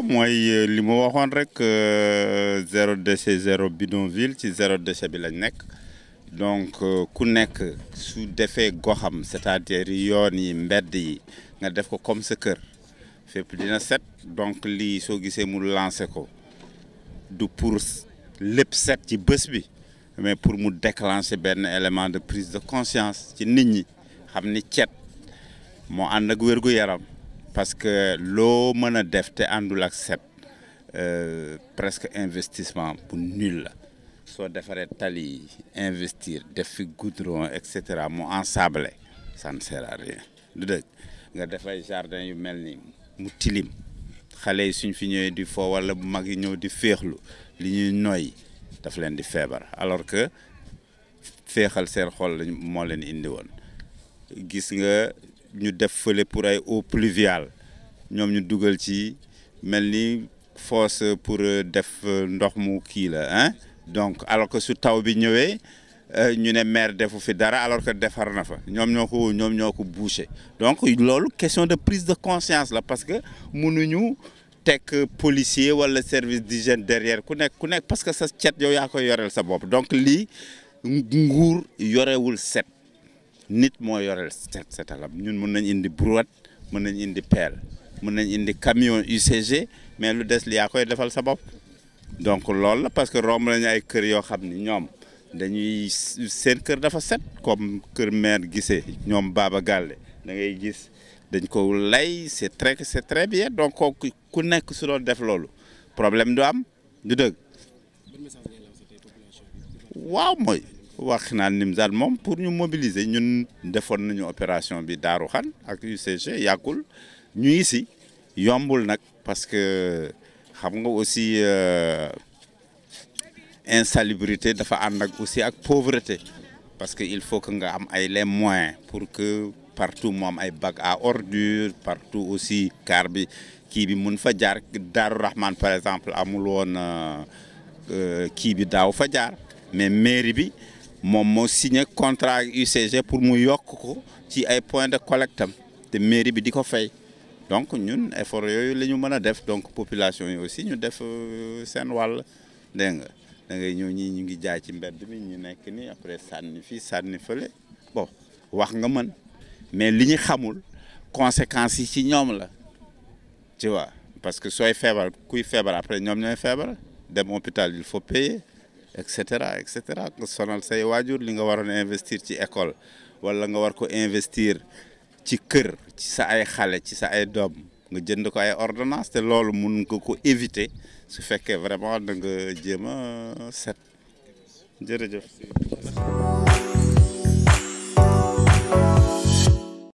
Moi, ce que je veux dire, 0,2, c'est 0 bidonville, c'est 0,2, c'est Bilegnec. Donc, euh, Kounek, sous défait Goham, c'est-à-dire Rio ou Mbède, on l'a fait comme ce qu'on a fait, donc c'est ce qu'on a lancé. Pas pour l'exécution du bus, mais pour déclencher un élément de prise de conscience sur les gens, sur les gens qui ont des problèmes parce que loo mën a def nous àndul euh, presque investissement pour nul Soit soo defaree tali investir des fi goudron et cetera mu ça ne sert à rien du dëgg nga defay jardin yu melni mutilim xalé suñ fi ñëwee di fo wala bu mag ñëw di fexlu li ñuy noy daf leen di feebar alors que féexal seen xol lañ moo leen indi won gis nga ñu def pour ay au pluvial, nous ñu dugal ci mais ni fosse pour euh, def euh, ndox mu la hein donc alors que su taw bi ñëwee euh, ñu ne maire defu fi dara alors que nous na fa ñoom nous ko ñoom bouché donc une question de prise de conscience là parce que mënuñu tek policier wala service d'hygiène derrière ku nek ku nek parce que sa cet yow ya koy yorel sa bop donc lii nguur yorewul set nit moy yoreel set setalam ñun mun nañ indi brouette mun nañ indi pelle mun nañ indi camion UCG mais lu dess li yaa koy defal sa bop donc lool la parce que rom lañ ay kër yo xamni ñom dañuy seen kër dafa set comme kër mère gisee ñom Baba Galle da ngay gis dañ ko lay c'est très c'est très bien donc ku nekk su doon def loolu problème du am du dëgg waaw mooy wax naa Nimzaat moom pour ñu mobiliser ñun defoon nañu opération bi Daaru Khan ak UCG yàggul ñu ngi si yombul nag parce que xam nga aussi euh, insalubrité dafa ànd ak aussi ak pauvreté parce que il faut que nga am ay les moyens pour que partout mu am ay bac à ordures partout aussi car bi kii bi mun fa jaar Daaru Rahman par exemple amul woon euh, euh, kii bi daaw fa jaar mais mairie bi moom moo signé contrat ak UCG pour mu yokk ko ci ay points de collecte am te mairie bi di fay donc ñun effort yooyu la ñu mën def donc population yi aussi ñu def euh, seen wàll dégg nga da ngay ñëw ñii ñu ngi jaay ci mbedd mi ñu nekk nii après sànni fii sànni fële bon wax nga mën mais li ñu xamul conséquences yi ci ñoom la tu vois parce que sooy feebar kuy feebar après ñoom ñooy feebar dem hôpital il faut payer et cetera et sonal say wajur li nga waroon investir ci école wala nga war ko investir ci kër ci sa ay xalé ci sa ay doom nga jënd ko ay ordonnance té loolu mun nga ko éviter su fekkee vraiment da nga jëma a set jërëjëf.